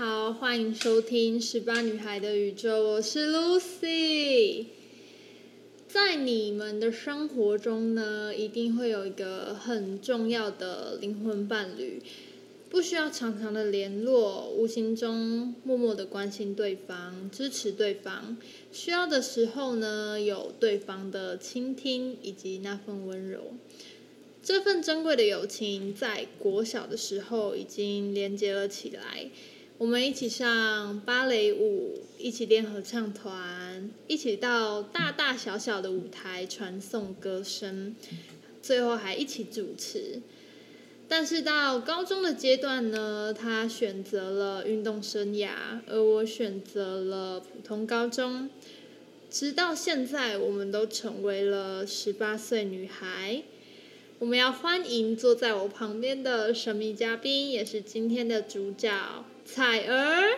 好，歡迎收聽《十八女孩的宇宙》，我是 Lucy。在你們的生活中呢，一定會有一個很重要的靈魂伴侶，不需要常常的聯絡，無形中默默的關心對方、支持對方。需要的時候呢，有對方的傾聽以及那份溫柔。這份珍貴的友情，在國小的時候已經連接了起來。我們一起上芭蕾舞，一起練合唱團，一起到大大小小的舞台傳送歌聲，最後還一起主持。但是到高中的階段呢，她選擇了運動生涯，而我選擇了普通高中。直到現在，我們都成為了十八歲女孩。我們要歡迎坐在我旁邊的神秘嘉賓，也是今天的主角采兒。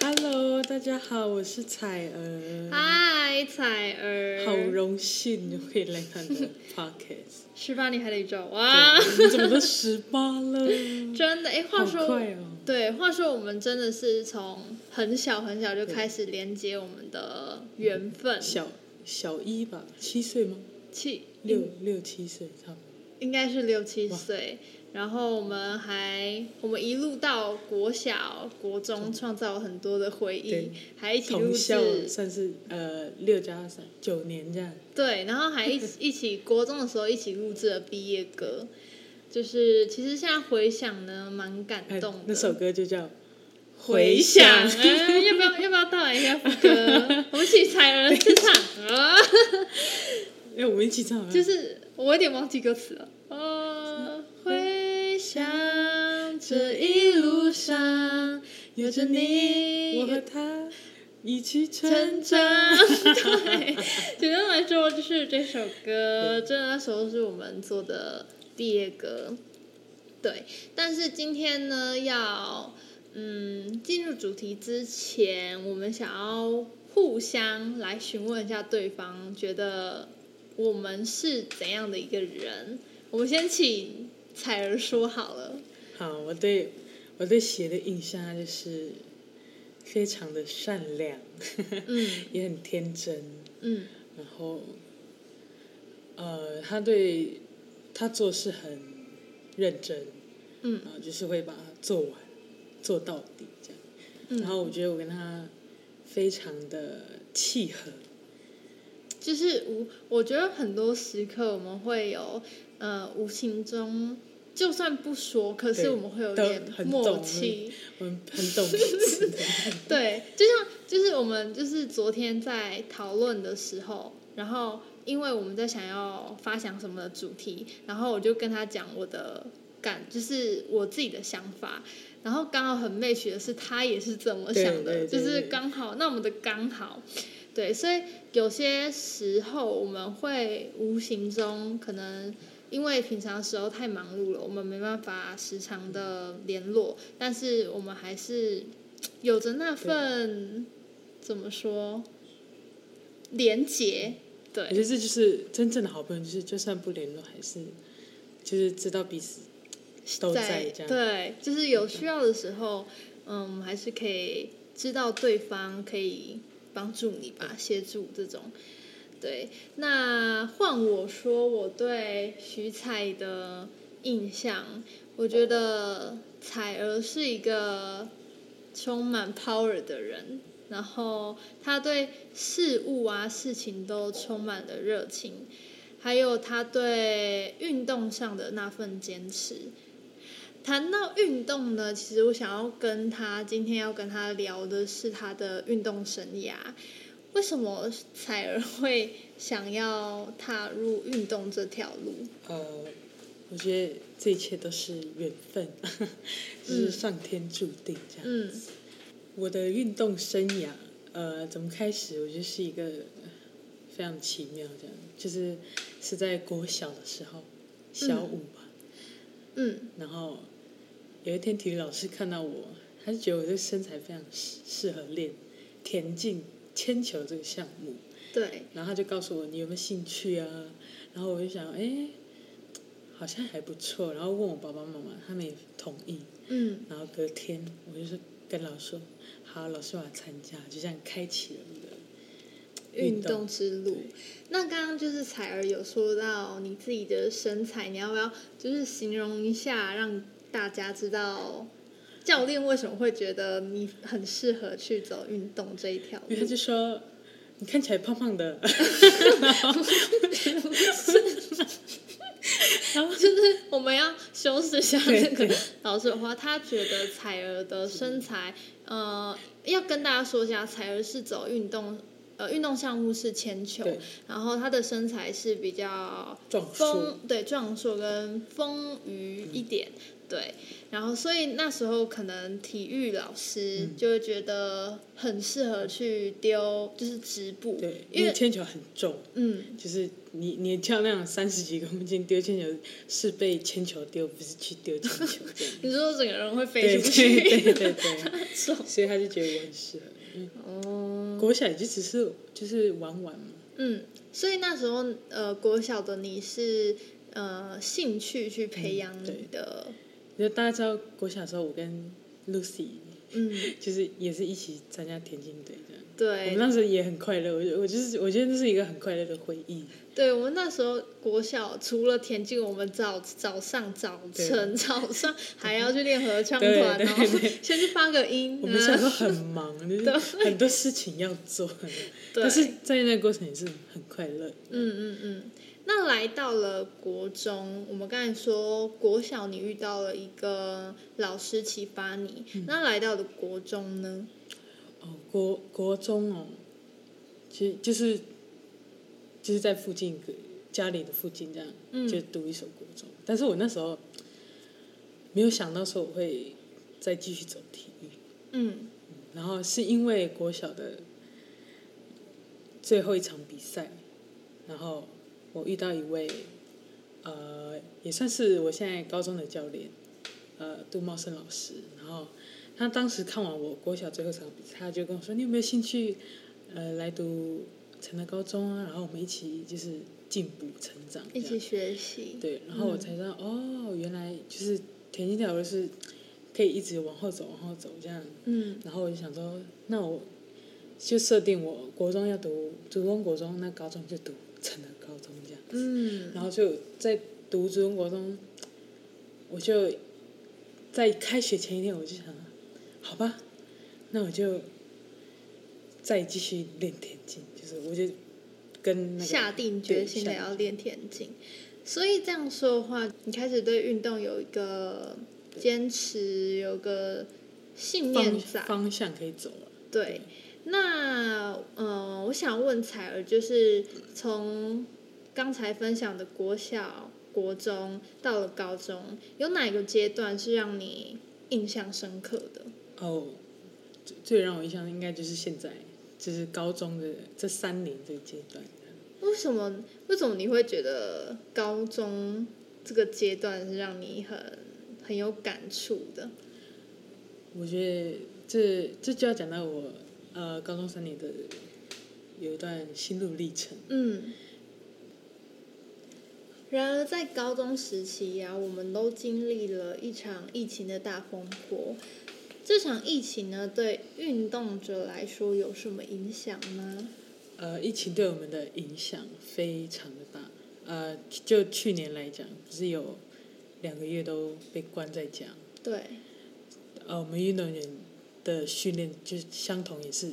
Hello，大家好，我是采兒。嗨，采兒。好榮幸可以來參加這個 podcast 十八年 你還得走啊？哇怎麼都十八了？ 真的哎，話說、哦、對，話說我們真的是從很小很小就開始連接我們的緣分。小小一吧，七歲嗎？七六六七歲，差不多應該是六七歲。然後我們還我們一路到國小、國中，創、嗯、造很多的回憶，還一起同校，算是呃六加三九年這樣。對，然後還一起一起國中的時候一起錄製了畢業歌， 就是其實現在回想呢，蠻感動的欸。那首歌就叫《回響》，要 、啊、不要要不要到來 一下，我們請采兒試唱啊。 要我們一起唱。就是我有點忘記歌詞了。哦，uh，回想這一路上有着你，我和他一起成長。成長 對，簡單來說就是這首歌，這那時候是我們做的第二個。對，但是今天呢，要嗯進入主題之前，我們想要互相來詢問一下對方覺得。我們是怎樣的一個人？我們先請采兒說好了。好，我對我對鞋的印象就是非常的善良、嗯呵呵，也很天真，嗯，然後，呃，他對他做事很認真，嗯，呃、就是會把它做完，做到底這樣、嗯。然後我覺得我跟他非常的契合。就是我，我覺得很多時刻我們會有呃，無形中就算不說，可是我們會有點默契，很懂事。 對，就像就是我們就是昨天在討論的時候，然後因為我們在想要發想什麼的主題，然後我就跟他講我的感，就是我自己的想法，然後剛好很 match 的是他也是這麼想的，對對對對對，就是剛好，那我們的剛好。對，所以有些時候我們會無形中，可能因為平常的時候太忙碌了，我們沒辦法時常的聯絡，但是我們還是有着那份、啊、怎麼說連接？對，我覺得這就是真正的好朋友，就是就算不聯絡，還是就是知道彼此都在這樣在。對，就是有需要的時候，嗯，我們還是可以知道對方可以幫助你吧，協助這種。對，那換我說，我對許采的印象，我覺得采兒是一個充滿 power 的人，然後她對事物啊、事情都充滿了熱情，還有她對運動上的那份堅持。談到運動呢，其實我想要跟他今天要跟他聊的是他的運動生涯。為什麼采兒會想要踏入運動這條路？呃，我覺得這一切都是緣分，嗯、 就是上天注定這樣子。嗯、我的運動生涯，呃，怎麼開始？我覺得是一個非常奇妙這樣，就是是在國小的時候，小五吧。嗯嗯，然後有一天體育老師看到我，他就覺得我這個身材非常適合練田徑鉛球這個項目。對，然後他就告訴我，你有沒有興趣啊？然後我就想，哎，好像還不錯。然後問我爸爸媽媽，他們也同意。嗯，然後隔天我就是跟老師說，好，老師我要參加，就這樣開啟了。運動之路。那剛剛就是采兒有說到你自己的身材，你要不要就是形容一下，讓大家知道教練為什麼會覺得你很適合去走運動這一條路？他就說你看起來胖胖的，然 後 就是我們要修飾一下這、那個老師的話。他覺得采兒的身材，呃，要跟大家說一下，采兒是走運動。運動項目是鉛球，然後他的身材是比較壯碩，對壯碩跟豐腴一點，嗯，對，然後所以那時候可能體育老師就會覺得很適合去丟，就是擲部，對，因為鉛球很重，嗯，就是你你跳那種三十幾個公斤丟鉛球，是被鉛球丟，不是去丟鉛球， 你說整個人會飛出去，對對對、對、對， 所以他就覺得我很適合。哦、嗯嗯，國小也就只是就是玩玩。嗯，所以那時候呃，國小的你是呃興趣去培養你的，就，嗯、大家知道，國小的時候我跟 Lucy。嗯，就是也是一起參加田徑隊這樣對，我們那時候也很快樂，我我就是我覺得這是一個很快樂的回憶。對，我們那時候國小除了田徑，我們早早上早晨早上還要去練合唱團，然後先去發個音。對對對嗯、我們小時候很忙，就是很多事情要做對，但是在那個過程也是很快樂。嗯嗯嗯。嗯那來到了國中，我們剛才說國小你遇到了一個老師啟發你、嗯，那來到了國中呢？哦，國國中哦，其實就是就是在附近家裡的附近這樣、嗯，就讀一所國中。但是我那時候沒有想到說我會再繼續走體育，嗯，嗯，然後是因為國小的最後一場比賽，然後。我遇到一位，呃，也算是我現在高中的教練，呃，杜茂生老師。然後他當時看完我國小最後一場比賽，他就跟我說：“你有沒有興趣，呃，來讀成德高中啊？”然後我們一起就是進步成長，一起學習。對，然後我才知道、嗯、哦，原來就是田徑這條路是可以一直往後走，往後走這樣。嗯。然後我就想說，那我就設定我國中要讀，讀完國中那高中就讀成德高中。嗯，然後就在讀中國中，我就在開學前一天，我就想，好吧，那我就再繼續練田徑。就是，我就跟、那個、下定決心的要練田徑。所以這樣說的話，你開始對運動有一個堅持，有個信念方，方向可以走了。對，對那呃，我想問采兒，就是從。剛才分享的國小、國中，到了高中，有哪個階段是讓你印象深刻的？哦，最讓我印象的，應該就是現在，就是高中的這三年這個階段。為什麼？為什麼你會覺得高中這個階段是讓你很很有感觸的？我覺得這這就要講到我呃高中三年的有一段心路歷程。嗯。然而，在高中時期呀、啊，我們都經歷了一場疫情的大風波。這場疫情呢，對運動者來說有什麼影響呢？呃，疫情對我們的影響非常的大。呃，就去年來講，不是有兩個月都被關在家。對。呃，我們運動員的訓練就相同，也是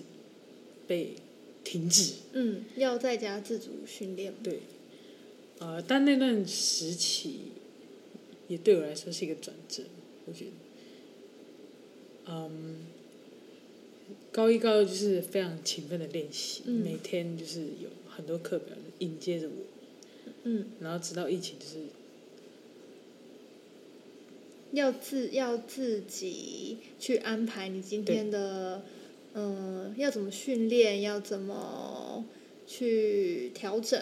被停止。嗯，要在家自主訓練。對。呃，但那段時期也對我來說是一個轉折，我覺得，嗯，高一高二就是非常勤奮的練習，嗯，每天就是有很多課表迎接着我，嗯，然後直到疫情，就是要自要自己去安排你今天的，嗯，呃，要怎麼訓練，要怎麼去調整。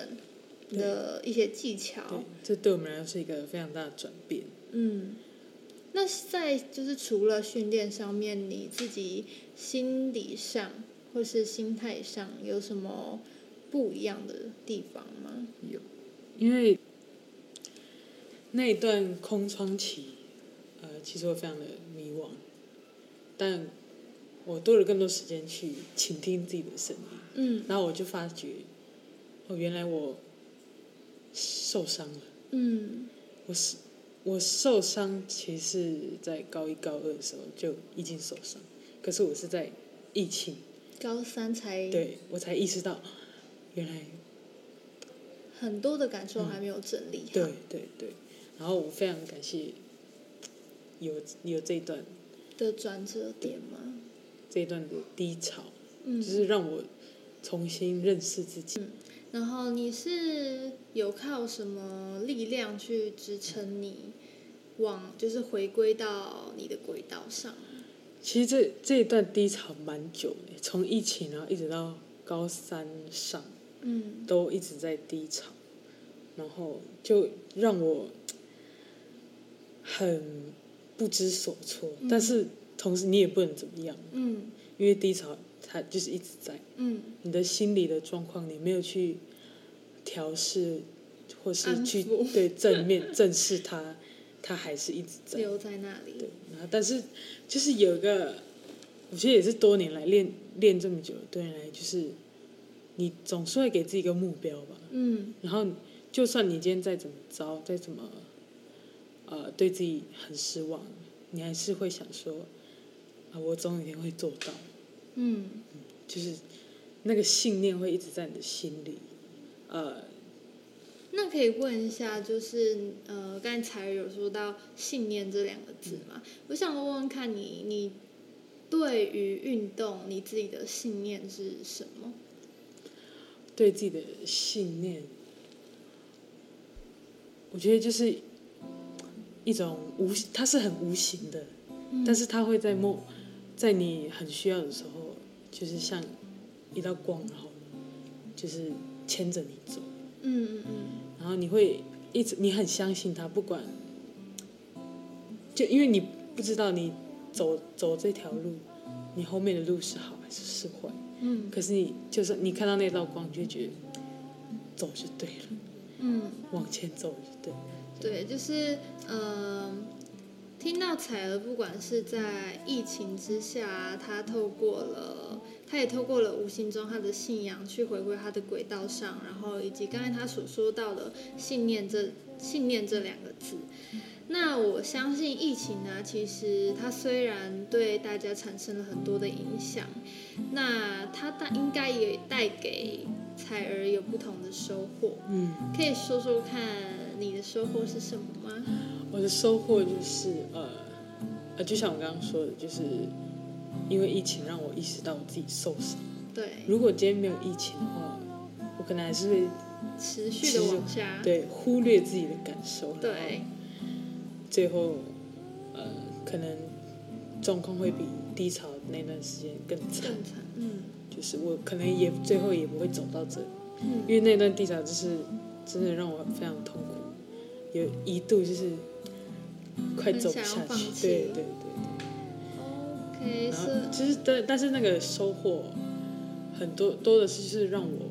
的一些技巧對，對，這對我們來說是一個非常大的轉變。嗯，那在就是除了訓練上面，你自己心理上或是心態上有什麼不一樣的地方嗎？有，因為那一段空窗期，呃，其實我非常的迷惘，但我多了更多時間去傾聽自己的聲音。嗯，然後我就發覺，哦，原來我。受傷了。嗯，我是我受傷，其實，在高一高二的時候就已經受傷，可是我是在疫情高三才對，我才意識到，原來很多的感受還沒有整理，嗯。對對對，然後我非常感謝有有這一段的轉折點嗎？這一段的低潮，嗯，就是讓我重新認識自己。嗯然後你是有靠什麼力量去支撐你往就是回歸到你的軌道上？其實這這一段低潮蠻久的，從疫情然後一直到高三上，嗯，都一直在低潮，然後就讓我很不知所措。嗯，但是同時你也不能怎麼樣，嗯。因為低潮，它就是一直在。嗯。你的心理的狀況，你沒有去調適，或是去對正面正視它，嗯、正視它，它還是一直在留在那裡。對。然後，但是就是有個，我覺得也是多年來練練這麼久，多年來就是你總是會給自己一個目標吧。嗯。然後，就算你今天再怎麼糟，再怎麼呃對自己很失望，你還是會想說啊，我總有一天會做到。嗯，就是那個信念會一直在你的心裡，呃，那可以問一下，就是呃，剛才采兒有說到信念這兩個字嘛。嗯，我想問問看你，你對於運動你自己的信念是什麼？對自己的信念，我覺得就是一種無，它是很無形的，嗯、但是它會在夢，在你很需要的時候。就是像一道光，然後就是牽着你走，嗯嗯嗯，然後你會一直，你很相信他，不管就因為你不知道你走走這條路，你後面的路是好還是是壞，嗯，可是你就是你看到那道光，你就覺得走就對了，嗯，往前走就對，嗯，對，就是嗯。呃聽到采兒，不管是在疫情之下，她透過了，她也透過了無形中她的信仰去回歸她的軌道上，然後以及剛才她所說到的信念這信念這兩個字，那我相信疫情呢、啊，其實它雖然對大家產生了很多的影響，那它但應該也帶給采兒有不同的收穫，嗯，可以說說看。你的收穫是什麼嗎？我的收穫就是，呃，呃，就像我剛剛說的，就是因為疫情讓我意識到我自己受傷。對，如果今天沒有疫情的話，我可能還是會持續，持續的往下，對，忽略自己的感受，對，然後最後，呃，可能狀況會比低潮那段時間更慘，嗯，就是我可能也最後也不會走到這裡，嗯，因為那段低潮就是真的讓我非常痛苦。一度就是快走不下去，對，對對對。OK、so、然後是。其實，但但是那個收穫很多多的是，就是讓我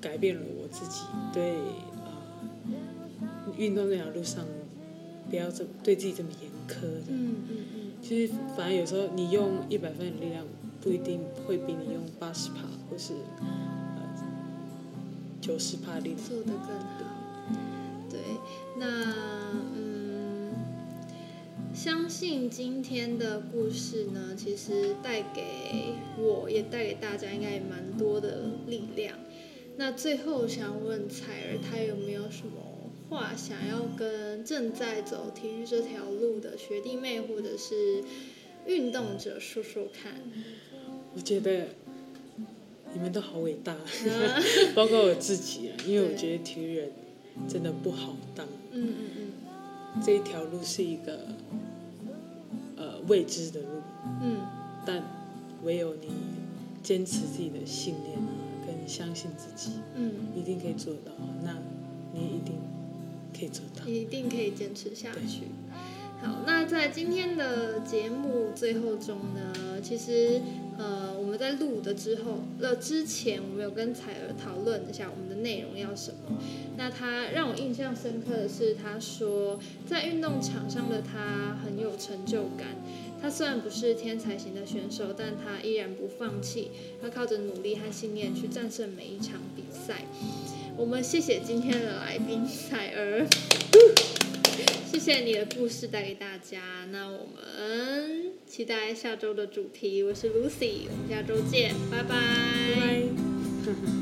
改變了我自己對呃運動這條路上不要這對自己這麼嚴苛的。嗯嗯嗯。其、嗯、實，就是，反而有時候你用一百分的力量，不一定會比你用八十帕或是九十帕力量做的更好。那嗯，相信今天的故事呢，其實帶給我也帶給大家，應該也蠻多的力量。那最後想問采兒，她有沒有什麼話想要跟正在走體育這條路的學弟妹或者是運動者說說看？我覺得你們都好偉大， 包括我自己，因為我覺得體育人。真的不好當，嗯嗯嗯、這一條路是一個、呃、未知的路，嗯、但唯有你堅持自己的信念啊，跟你相信自己、嗯，一定可以做到，那你一定可以做到，你一定可以堅持下去。好，那在今天的節目最後中呢，其實呃，我們在錄的之後呃之前，我們有跟采兒討論一下我們的內容要什麼。那他讓我印象深刻的是，他說在運動場上的他很有成就感。他雖然不是天才型的選手，但他依然不放棄，他靠着努力和信念去戰勝每一場比賽。我們謝謝今天的來賓采兒。謝謝你的故事帶給大家，那我們期待下周的主題。我是 Lucy，我們下周見，拜拜。拜拜